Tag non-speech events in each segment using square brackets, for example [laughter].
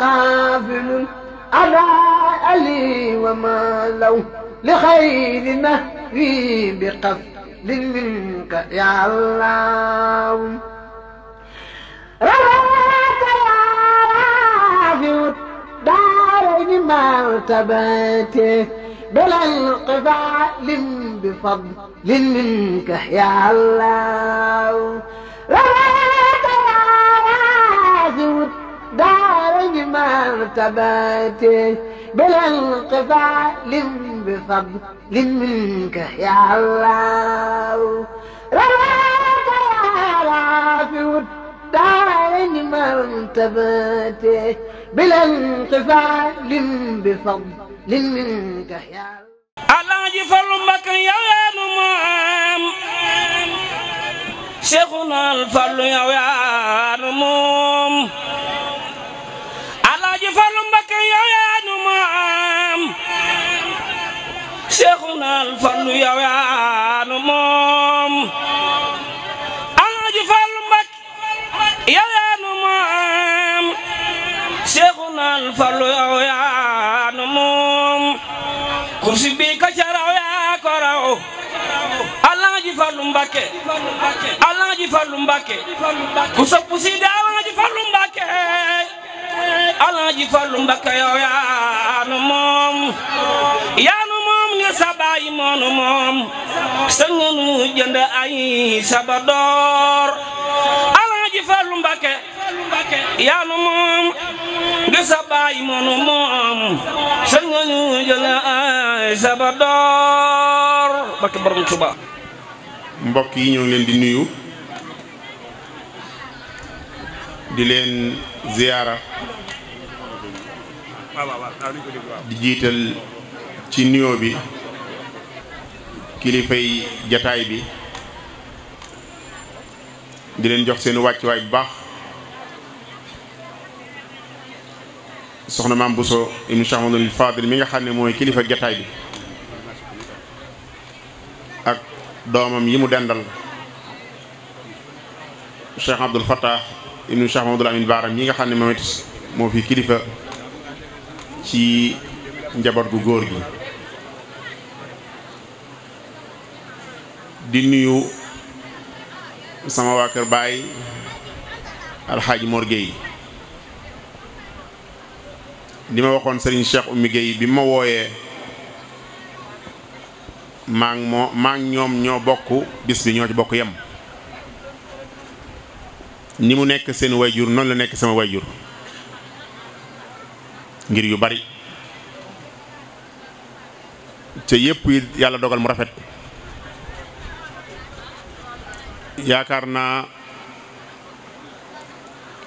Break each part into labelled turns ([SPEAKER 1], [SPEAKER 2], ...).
[SPEAKER 1] قافل على علي وما لو لخير نهري بقف منك يا الله رواك يا رافع دار مرتبته بلا انقفال بفضل منك يا الله رواك مرتباتي بلا انقطاع بفضل منك يا الله رواك يا رافع الدارين مرتباتي بلا انقطاع بفضل منك يا الله alaaji Fallu Mbàkke yaweenu maam Seexunal Fallu yaweenu Seexuna al Fallu yow yaa nu moom Alaaji Fallu Mbakke yow moom Seexuna al Fallu yow moom kursi bi ka ca raw yaa Mbakke Alaaji Fallu Mbakke ku soppu si daaw Mbakke Alaaji Fallu Mbakke yow moom sa baay moonu moom sanganu saba door alaaji Fallu Mbakke yaanu moom gi sa baay moonu moom sanganu jënd ay saba door Mbakke borom Tuba
[SPEAKER 2] mbokk yi ñu ngi leen di nuyu di leen ziyaara di jiital ci nuyoo bi kilifay jataay bi di leen jox seen wàccuwaay bu baax soxna maam Bousso ibnu Cheikh Mamadou Fadil mi nga xam ne mooy kilifa jataay bi ak doomam yi mu dendal Cheikh Abdoul Fattah ibnu Cheikh Mamadou Amin Baaram mi nga xam ne moom moo fi kilifa ci njaboot gu góor gi di nuyu sama waa kër baay alxaaji Mor Gueye li ma waxoon Serigne Cheikh Oumy Gueye bi ma wooyee maa moo maa ngi ñoom ñoo bokk bis bi ñoo ci bokk yem ni mu nekk seen wayjur noonu la nekk sama wayjur ngir yu bari te yépp yi yàlla dogal mu rafet yaakaar naa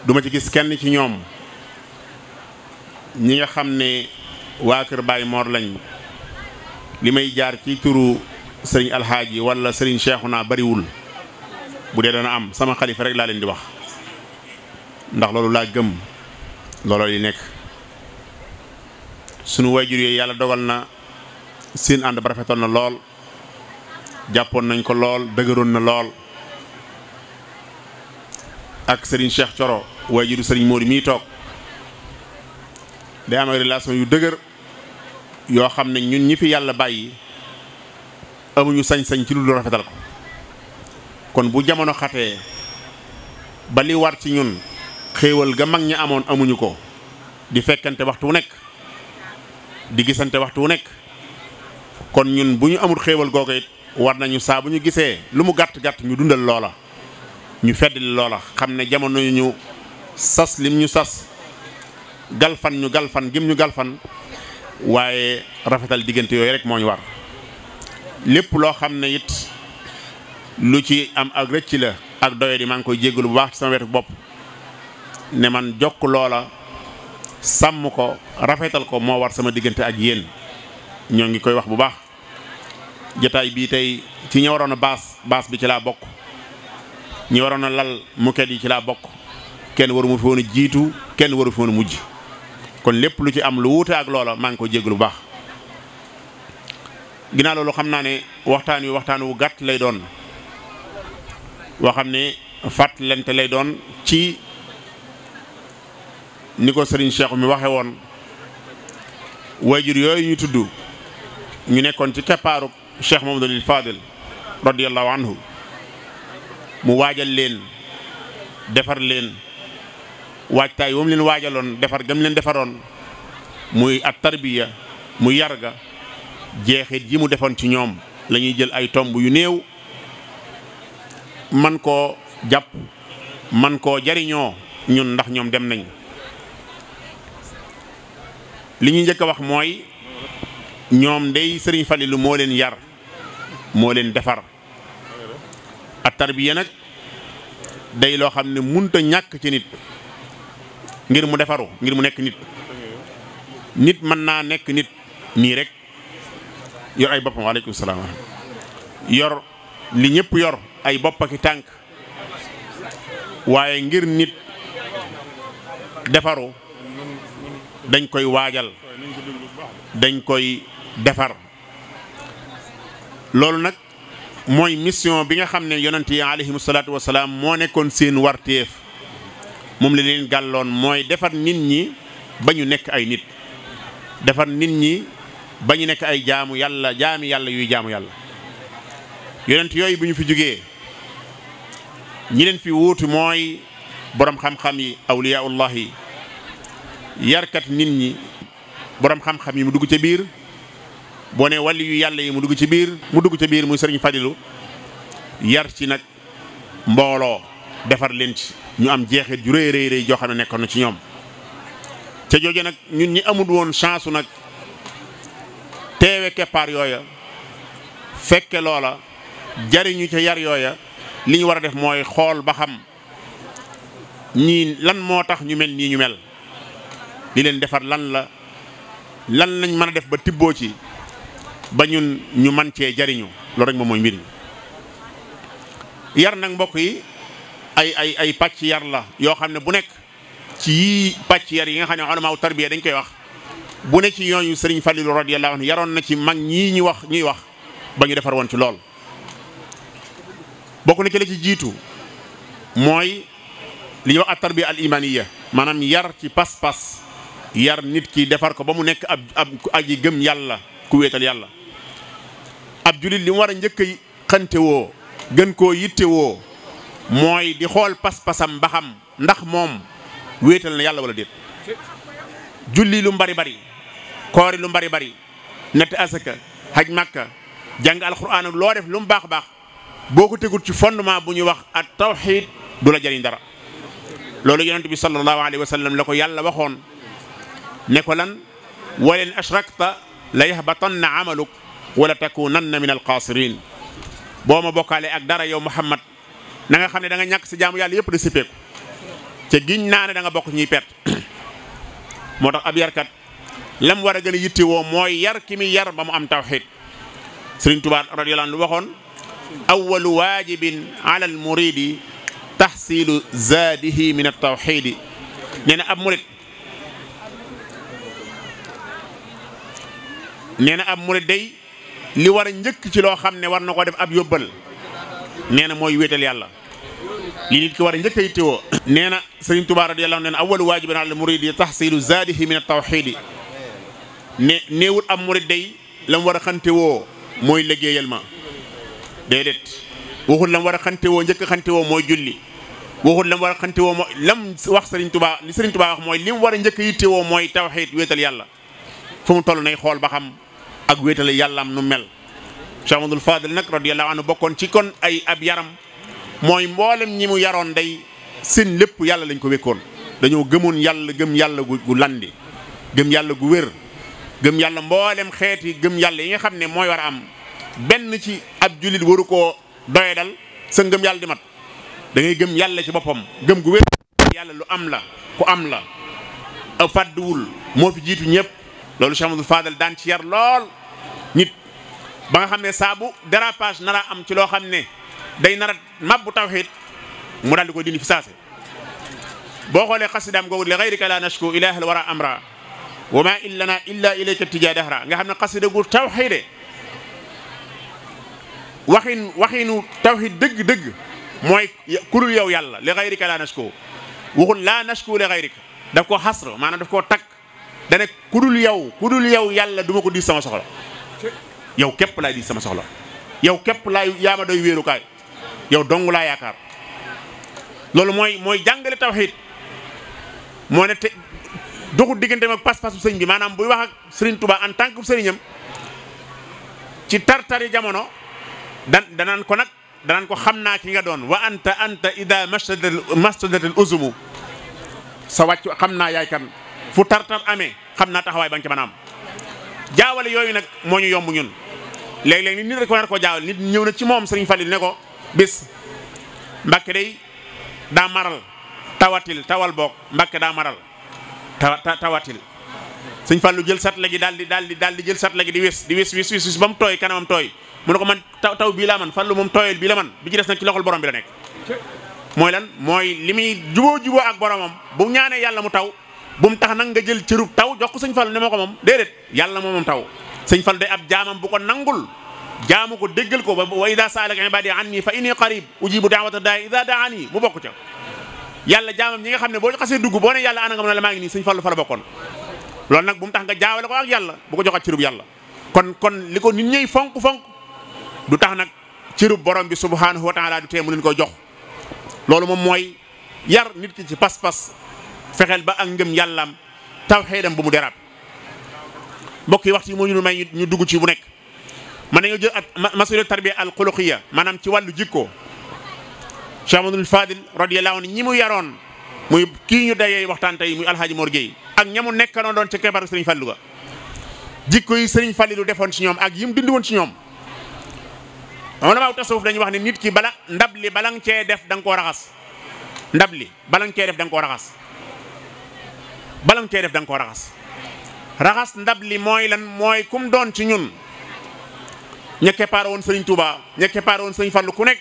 [SPEAKER 2] duma ci gis kenn ci ñoom ñi nga xam ne waa kër Baay moor lañ li may jaar ci turu sëriñ alxaaji walla sëriñ naa bariwul bu dee dana am sama xalifa rek laa leen di wax ndax loolu laa gëm looloo li nekk sunu wayjur yooyu yàlla dogal na seen ànd ba rafetoon na lool jàppoon nañ ko lool dëgëroon na lool ak Serigne Cheikh Thioro waajuru Serigne Mody mii toog day am ay yu dëgër yoo xam ne ñun ñi fi yàlla bàyyi amuñu sañ-sañ ci lu dul rafetal ko kon bu jamono xatee ba li war ci ñun xéewal ga mag ñi amoon amuñu ko di fekkante waxtu wu nekk di gisante waxtu wu nekk kon ñun bu ñu amul xéewal googu war nañu saa bu ñu gisee lu mu gàtt gàtt ñu dundal loola. ñu feddali loola xam ne jamono yu ñu sas lim ñu sas galfan ñu galfan gim ñu galfan waaye rafetal diggante yooyu rek moo ñu war lépp loo xam ne it lu ci am ak rëcc la ak doye di maa ngi koy jéggalu bu baax ci sama wetu bopp ne man jokk loola sàmm ko rafetal ko moo war sama diggante ak yéen ñoo ngi koy wax bu baax jotaay bii tey ci ña waroon a baas baas bi ci laa bokk ñu waroon a lal moquette yi ci laa bokk kenn waru fi woon a jiitu kenn waru fi woon mujj kon lépp lu ci am lu wuute ak loola maa ngi ko jégg lu baax ginnaaw loolu xam naa ni waxtaan wi waxtaan wu gàtt lay doon woo xam ne fàttalante lay doon ci ni ko sëriñ Cheikh mi waxe woon way waajur yooyu ñu tudd ñu nekkoon ci keppaaru Cheikh Mamadou Fadil radiyallahu anhu mu waajal leen defar leen waajtaay wam leen waajaloon defar gam leen defaroon muy at tarbiya mu yarga jeexit yi mu defoon ci ñoom lañuy jël ay tomb yu néew man koo jàpp man koo jariñoo ñun ndax ñoom dem nañ li ñuy njëkk a wax mooy ñoom dey sëriñ Falilu moo leen yar moo leen defar ak tarbiya nag day loo xam ne munta ñàkk ci nit ngir mu defaru ngir mu nekk nit nit mën naa nekk nit nii rek yor ay boppam waaleykum salaam yor li ñëpp yor ay bopp ak tànk waaye ngir nit defaru dañ koy waajal dañ koy defar loolu nag mooy mission bi nga xam ne yonent yi alayhimu salaatu wasalaam moo nekkoon seen warteef moom la leen gàlloon mooy defar nit ñi ba ñu nekk ay nit defar nit ñi ba ñu nekk ay jaamu yàlla jaami yàlla yuy jaamu yàlla yonent yooyu bu ñu fi jógee ñi leen fi wuutu mooy boroom xam-xam yi awliyaullah yi yarkat nit ñi boroom xam-xam yi mu dugg ca biir boo nee wàlli yu yàlla yi mu dugg ci biir mu dugg ci biir muy sëriñ Fadilu yar ci nag mbooloo defar leen ci ñu am jeexit ju rëy rëy rëy joo xam ne nekkoon ci ñoom ca jooje nag ñun ñi amul woon chance nag teewe keppaar yooya fekke loola jariñu ca yar yooya li ñu war a def mooy xool ba xam ñii lan moo tax ñu mel nii ñu mel li leen defar lan la lan lañ mën a def ba tibboo ci ba ñun ñu man cee jariñu loolu rek moom mooy mbir mi yar nag mbokk yi ay ay ay pàcc yar la yoo xam ne bu nekk ci yii pàcc yar yi nga xam ne ulamaaw tarbiya dañ koy wax bu nekk ci yooyu sëriñ Falilu radiyallahu anhu yaroon na ci mag ñii ñu wax ñuy wax ba ñu ci lool bokk na ci la ci jiitu mooy li ñuy wax at tarbiya al imaniya maanaam yar ci pas-pas yar nit ki defar ko ba mu nekk ab ab aji gëm yàlla ku wéetal yàlla ab julit li mu war a njëkk a xante woo gën koo yitte woo mooy di xool pas-pasam ba ndax moom wéetal na yàlla wala déet julli lu mbari bari koori lu mbari bari natt asaka haj makka jàng alquran ak loo def lu mu baax baax boo ko tegul ci fondement bu ñuy wax at tawxid du la jëriñ dara loolu yonent bi sallallahu alayhi wa la ko yàlla waxoon ne ko lan waleen ashrakta la yahbatanna amaluk wala takunanna min alxaasirin boo ma bokkaale ak dara yow Muhammad na nga xam ne danga nga ñàkk si jaamu yàlla yëpp di sippeeku te giñ naa ne da bokk ñuy perte [clears throat] moo tax ab yarkat lam war a gën a mooy yar kimi muy yar ba mu am tawxid Sëriñ Tuubaa radiyallaahu anhu lu waxoon awalu waajibin ala al muridi taxsilu zaadihi min at tawxidi nee na ab murit nee na ab murit day li war a njëkk ci loo xam ne war na ko def ab yóbbal nee na mooy wéetal yàlla li nit war a njëkk a yittewoo nee na sëriñ Tuubaa radiyallaahu anhu nee na awalu waajibin alal muridi tahsilu zaadihi min at-tawxiidi ne néewut am murid day lam war a xante woo mooy liggéeyal ma déedéet waxul la mu war a xante woo njëkk a xante woo mooy julli waxul la mu war a xante woo mooy lam wax sëriñ Tuubaa wax mooy li war a njëkk a yittewoo mooy tawxiid wéetal yàlla fu mu toll nay xool ba xam ak wéetale am nu mel Cheikh Amadul Fadil nag radiyallahu anhu bokkoon ci kon ay ab yaram mooy mboolem ñi mu yaroon day seen lépp yàlla lañ ko wékkoon dañoo gëmoon yàlla gëm yàlla gu landi gëm yàlla gu wér gëm yàlla mboolem xeeti gëm yàlla yi nga xam ne mooy war a am benn ci ab jullit waru koo doye dal sa ngëm yàlla di mat da gëm yàlla ci boppam gëm gu wér yàlla lu am la ku am la fàdduwul moo fi jiitu ñëpp loolu Cheikh Amadou daan ci yar lool ba nga xam ne saa bu nara am ci loo xam ne day nara mabbu tawxiid mu daal di koy dindi fi saase boo xoolee xasidaam googu li gayrika la nashku ilaahal wara amra wa ma illana illa ilayka tija dahra nga xam ne xasida gu tawxiide waxin waxinu tawxiid dëgg-dëgg mooy kulul yow yàlla li gayrika la nashku waxul la nashku li gayrika daf koo xasr maanaam daf koo takk dane kudul yow kudul yow yàlla du ma ko di sama soxla yow képp laay di sama soxla yow képp laay yaa ma doy wéerukaay yow dong laa yaakaar loolu mooy mooy jàngale tawxiid moo ne te doxul digganteem ak pas-pasu sëñ bi maanaam buy wax ak sëriñ Tuubaa en tant que sëriñam ci tartari jamono dan danaan ko nag danaan ko xam naa ki nga doon wa anta anta ida mastadat mastadat uzumu soo wàcc xam naa yaay kan fu tartar amee xam naa taxawaay ba nga ci jaawale yooyu nag mooñu ñu yomb ñun léeg-léeg nit nit rek war koo jaawal nit ñëw na ci moom sëriñ Falil ne ko bis Mbàkke day daa maral tawatil tawal boog Mbàkke daa maral tawa tawatil sëñ Fallu jël sat la gi daal di daal di daal di jël sat la gi di wis di wis wis wis ba mu tooy kanamam tooy mu ne ko man taw taw bii man Fallu moom tooyal bii la man bi ci des nag ci loxol borom bi nekk mooy lan mooy li muy juboo juboo ak boromam bu ñaanee yàlla mu taw bu mu tax nag nga jël cërub taw jox ko sëñ Fallu ne ma ko moom déedéet yàlla moom moom taw sëñ Fallu day ab jaamam bu ko nangul jaamu ko déggal ko wa ida saalaka ibadi anni fa inni qarib ujibu daawata daa ida daani mu bokk ca yàlla jaamam ñi nga xam ne boo xasee dugg boo ne yàlla ana nga mën a maa ngi nii sëñ Fallu fa la bokkoon loolu nag bu mu tax nga jaawale ko ak yàlla bu ko joxat cërub yàlla kon kon li ko nit ñëy fonk-fonk du tax nag cërub borom bi subhanahu wa taala du tee mu leen koy jox loolu moom mooy yar nit ki ci pas-pas fexeel ba ak ngëm yàllaam tawxiidam bu mu mbokk yi waxtu yi moo ñu may ñu dugg ci bu nekk man nañoo jël at masuliyat tarbiya al xuluqiya maanaam ci wàllu jikko Cheikh Amadou Fadil radiyallahu ñi mu yaroon muy kii ñu dayee waxtaan tey muy alhaaji Mor Gueye ak ñamu nekkanoon doon ci kebaru Serigne Fallou ga jikko yi Serigne Fallou defoon ci ñoom ak yi mu dindi woon ci ñoom ulama tasawuf dañuy wax ne nit ki bala ndab li bala nga cee def da koo raxas ndab li bala nga cee def da nga koo raxas koo raxas raxas ndab li mooy lan mooy kum doon ci ñun ña keppaar woon sëriñ Touba ña keppaar woon sëriñ Fallu ku nekk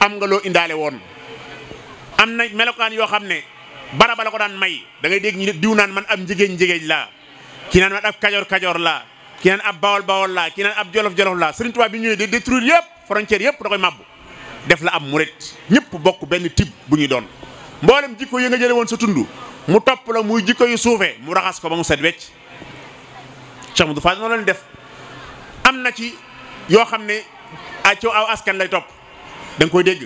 [SPEAKER 2] am nga loo indaale woon am na melokaan yoo xam ne baraba la ko daan may da ngay dégg ñu diw naan man ab njigéen njigéen laa ki naan man ab kajoor kajoor laa ki naan ab bawol bawol laa ki naan jolof jolof laa sëriñ Touba bi ñëwee di détruire yëpp frontière yëpp da koy màbb def la ab murit ñëpp bokk benn type bu ñuy doon mboolem jikko yi nga jële woon sa tund mu topp la muy jikko yu suufee mu raxas ko ba mu set wecc Cheikh Modou Fadel noonu leen def am na ci yoo xam ne ah ci aw askan lay topp dañ koy dégg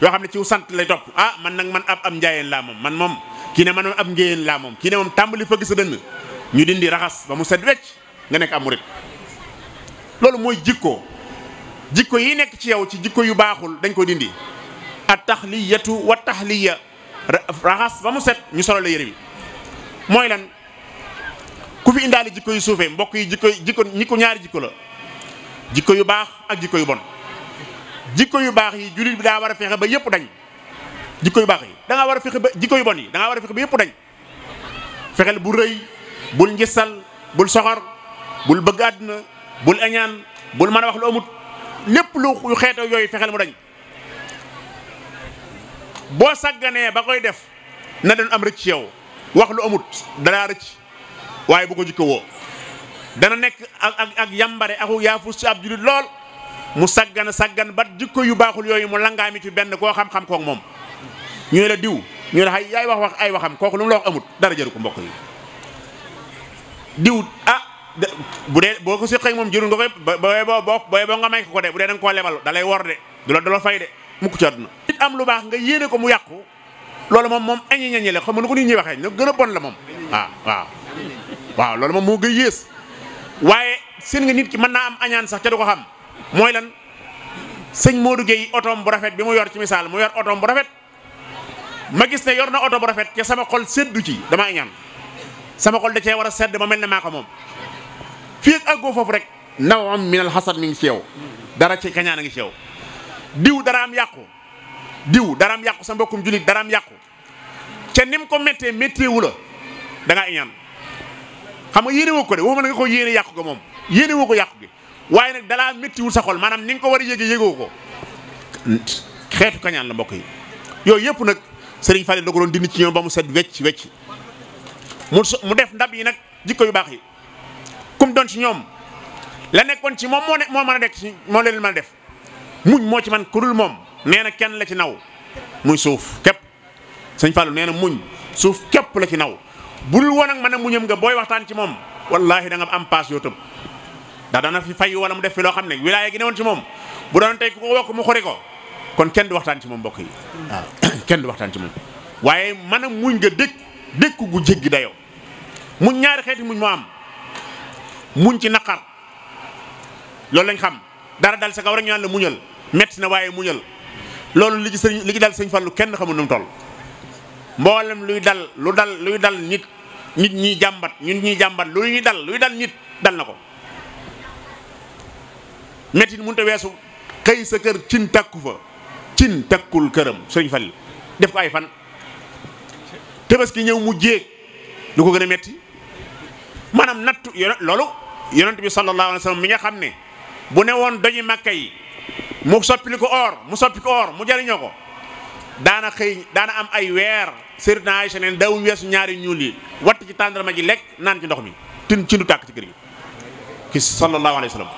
[SPEAKER 2] yoo xam ne ciw sant lay topp ah man nag man ab am njaayeen laa moom man moom kii ne man ab ngéyeen laa moom kii ne moom tàmbali fëgg sa dënn ñu dindi raxas ba mu set wecc nga nekk am murit loolu mooy jikkoo jikko yi nekk ci yow ci jikko yu baaxul dañ koy dindi at taxliyatu wa taxliya raxas ba mu set ñu solo la yére bi mooy lan ku fi indaale jikko yu suufee mbokk yi jikko jikko ñi ñaari jikko la jikko yu baax ak jikko yu bon jikko yu baax yi jullit bi daa war a fexe ba yëpp dañ jikko yu baax yi da war a fexe ba jikko yu bon yi da ngaa war yëpp dañ fexeel bu rëy bul njësal bul soxor bul bëgg àdduna bul añaan bul mën a wax lu amut lépp lu xeetoo yooyu fexeel mu dañ boo sagganee ba koy def na doon am rëcc ci yow wax lu amut danaa rëcc waaye bu ko jikko woo dana nekk ak ak ak yambare aku yaafus ci ab julit lool mu sàggan sàggan ba jikko yu baaxul yooyu mu langaami ci benn koo xam-xam kook moom ñu la diw ñu la yaay wax wax ay waxam kooku lu mu la wax amut dara jëru ko mbokk yi diw ah bu dee boo ko séqee moom jërul nga koy booy boo boo boo nga may ko ko de bu dee da koo lebal da wor de du la du la fay de mukk ci àdduna nit am lu baax nga yéene ko mu yàqu loolu moom moom añi ñañi la xam nga nu ko nit ñi waxee na gën a bon la moom waaw waaw waaw loolu moom moo gën yées waaye seen nga nit ki mën naa am añaan sax ca du ko xam mooy lan sëñ Modou Gueye otoom bu rafet bi mu yor ci misaal mu yor otoom bu rafet ma gis ne yor na oto bu rafet ca sama xol seddu ci dama añaan sama xol da cee war a sedd ma mel ne maa ko moom fii ak àggoo foofu rek naw am minal xasad mi ngi ci yow dara ci kañaan a ngi ci diw daraam yàqu diw daraam yàqu sa mbokkum julit daraam yàqu ca nim ko méttee métteewu la da ngaa xam nga yéene woo ko de waxuma nga ko yéene yàqu ko moom yéene ko yàqu gi waaye nag dalaa méttiwul sa xol maanaam ni nga ko war a yéege yéegoo ko xeetu kañaan la mbokk yi yooyu yëpp nag sëriñ Fallou da ko dindi ci ñoom ba mu set wecc wecc mu mu def ndab yi nag jikko yu baax yi kum doon ci ñoom la nekkoon ci moom moo ne moo mën a nekk moo leen mën def muñ moo ci man ku dul moom nee na kenn la ci naw muy suuf képp sëñ Fallou nee na muñ suuf képp la ci naw bul woon ak man a muñam nga booy waxtaan ci moom wallaahi da nga am paas yoo tëb ndax fi fay wala mu def fi loo xam ne wilaaya gi ne woon ci moom bu doon tey ku ko wokk mu xori ko kon kenn du waxtaan ci moom mbokk yi waaw [coughs] kenn du waxtaan ci moom waaye man a muñ nga dëkk dëkk gu jéggi dayoo muñ ñaari xeeti muñ moo am muñ ci naqar loolu lañ xam dara dal sa kaw rek ñu naan la muñal metti na waaye muñal loolu li ci sëñ li ci dal sëñ Fallou kenn xamu nu mu toll mboolem luy dal lu dal luy dal nit nit ñi jàmbat ñun ñi jàmbat lu ñuy dal luy dal nit dal na ko metti mënut a weesu xëy sa kër cin takku fa cin takkul këram sëñ Fallou def ko ay fan ki ñëw mu jéeg lu ko gën a metti maanaam natt loolu yonent bi sallallahu alayhi wa sallam mi nga xam ne bu ne woon doji màkka yi mu soppili ko or mu soppi ko or mu jariñoo ko daana xëy daana am ay weer Seydina Aïcha neen daawuñ weesu ñaari ñuul yi watt ci tàndarma ji lekk naan ci ndox mi tin ci du tàkk ci kër gi ki sallallahu alayhi wa sallam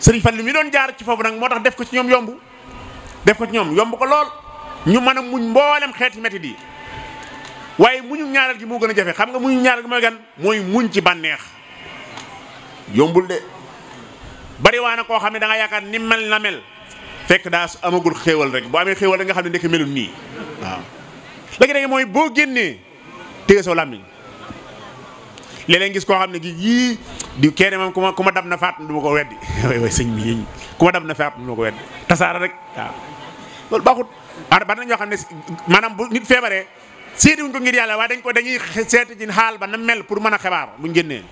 [SPEAKER 2] sëriñ Fallu mi doon jaar ci foofu nag moo tax def ko ci ñoom yombu def ko ci ñoom yomb ko lool ñu mën a muñ mboolem xeeti métti yi waaye muñu ñaareel gi moo gën a jafe xam nga muñu ñaareel gi mooy gan mooy muñ ci bànneex yombul de bari waa na koo xam ne da yaakaar ni mel na mel fekk daa amagul xéewal rek boo amee xéewal rek nga xam ne ndekk melul nii waaw léegi nag mooy boo génnee téye soo làmmiñ léeg-léeg gis koo xam ne gi yii di kenn moom ku ku ma dab na faat du ko weddi [laughs] way way sëñ bi yéen na faat du ko weddi tasaara rek waaw loolu baaxut ah ba ñoo xam ne maanaam bu nit feebaree seeti ngir yàlla waaye dañ ko dañuy seeti ci xaal ba na mel pour mën a xibaar buñ génnee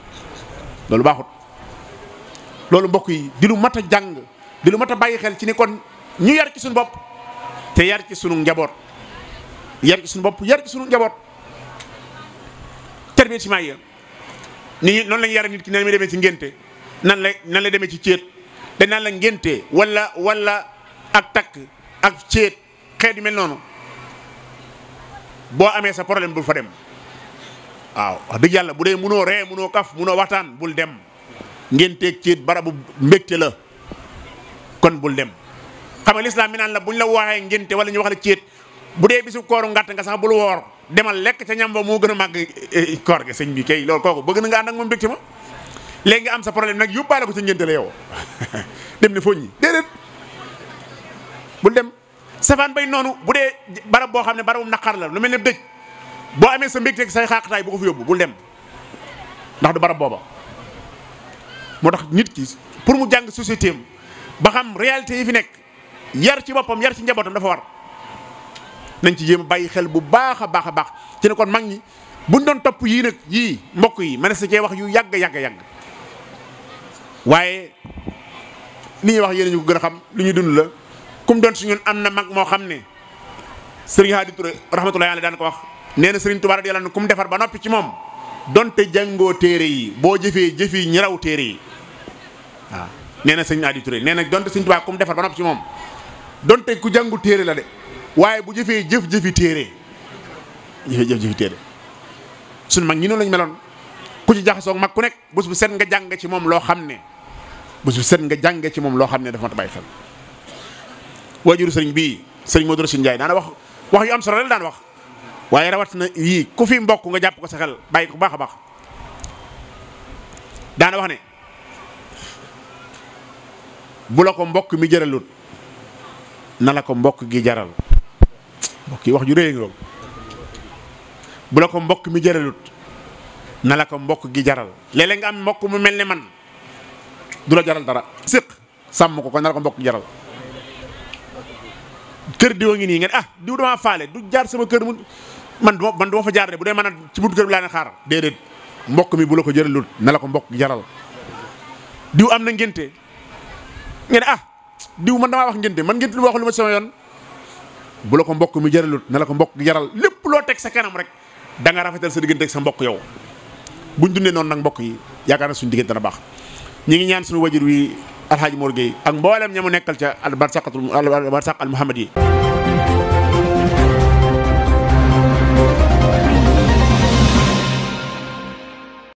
[SPEAKER 2] loolu baaxut loolu mbokk yi di lu mat a jàng di lu mat a bàyyi xel ci ni kon ñu yar ci suñu bopp te yar ci sunu njaboot yar ci suñu bopp yar ci suñu njaboot terbiyement yi ni noonu lañ yara nit ki nan la demee ci ngénte nan la nan la demee ci céet dañ la ngénte wala wala ak takk ak céet xeet yu mel noonu boo amee sa problème bul fa dem waaw wax dëgg yàlla bu dee munoo ree munoo kaf munoo waxtaan bul dem ngénteeg ciit barabu mbégte la kon bul dem xam nga lislaam mi naan la buñ la waxee ngénte wala ñu wax la ciit bu dee bisu kooru ngàtt nga sax bul woor demal lekk ca ñam ba moo gën a màgg eh, eh, koor ga sëñ bi kay loolu kooku bëgg na nga ànd ak moom mbégte ma nga am sa problème nag yóbbaale ko ca ngénte la yow [laughs] dem ne foñ ñi déedéet bul dem safaan bay noonu bu dee barab boo xam ne barabu naqar la lu mel ne dëj boo amee sa mbégteeg say xaaqataay bu ko yóbbu bul dem ndax du barab booba moo tax nit ki pour mu jàng société ba xam réalité yi fi nekk yar ci boppam yar ci njabootam dafa war nañ ci jéem bàyyi xel bu baax a baax a baax ci ne kon mag ñi buñ doon topp yii nag yii mbokk yi ma ne sa cee wax yu yàgg yàgg yàgg waaye li ñuy wax yéen ñu ko gën a xam lu ñuy dund la kum doon si ñun am na mag moo xam ne sëriñ Hadi Touré rahmatullahi alayhi daan ko wax nee na sëriñ Tuubaa radiyallaahu anhu kum defar ba noppi ci moom. donte jàngoo téere yi boo jëfee jëf yi ñi raw téere yi waaw nee na sëñ Adi Touré nee na donte sëñ Tuubaa kum defar ba noppi ci moom donte ku jàngu téere la de waaye bu jëfee jëf-jëfi téere jëfee jëf-jëfi mag ñi noonu lañ meloon ku ci jaxasoo mag ku nekk bës bu set nga jàng ci moom loo xam ne bés bu set nga jàng ci moom loo xam ne dafa mat a bàyyi xel waajuru sëriñ bii sëriñ Modou Racine Ndiaye daana wax wax yu am solo la daan wax waaye rawatina yii ku fi mbokk nga jàpp ko sa xel bàyyi ko baax a baax daana wax ne bu la ko mbokk mi jëralut na la ko mbokk gi jaral mbokk wax ju réy ko mbokk mi jëralut na ko mbokk gi jaral léeg-léeg nga am mbokk mu mel ne man du la jaral dara séq sàmm ko ko na la ko mbokk jaral kër diwa ngi nii ngeen ah diw damaa faale du jaar sama kër mu man du ma man du ma fa jaar de bu dee man ci buntu kër bi laa ne xaar déedéet mbokk mi bu la ko jëralul na la ko mbokk jaral diw am na ngénte ngeen ah diw man damaa wax ngénte man ngénte lu ma ma sama yoon bu la ko mbokk mi jëralul na la ko mbokk jaral lépp loo teg sa kanam rek da nga rafetal sa diggante ak sa mbokk yow buñ dundee noon nag mbokk yi yaakaar na suñ diggante dana baax ñi ngi ñaan suñu wajur wi alxaaji Mor Gueye ak mboolem ña mu nekkal ca al barsaqatul al barsaq al muhammad yi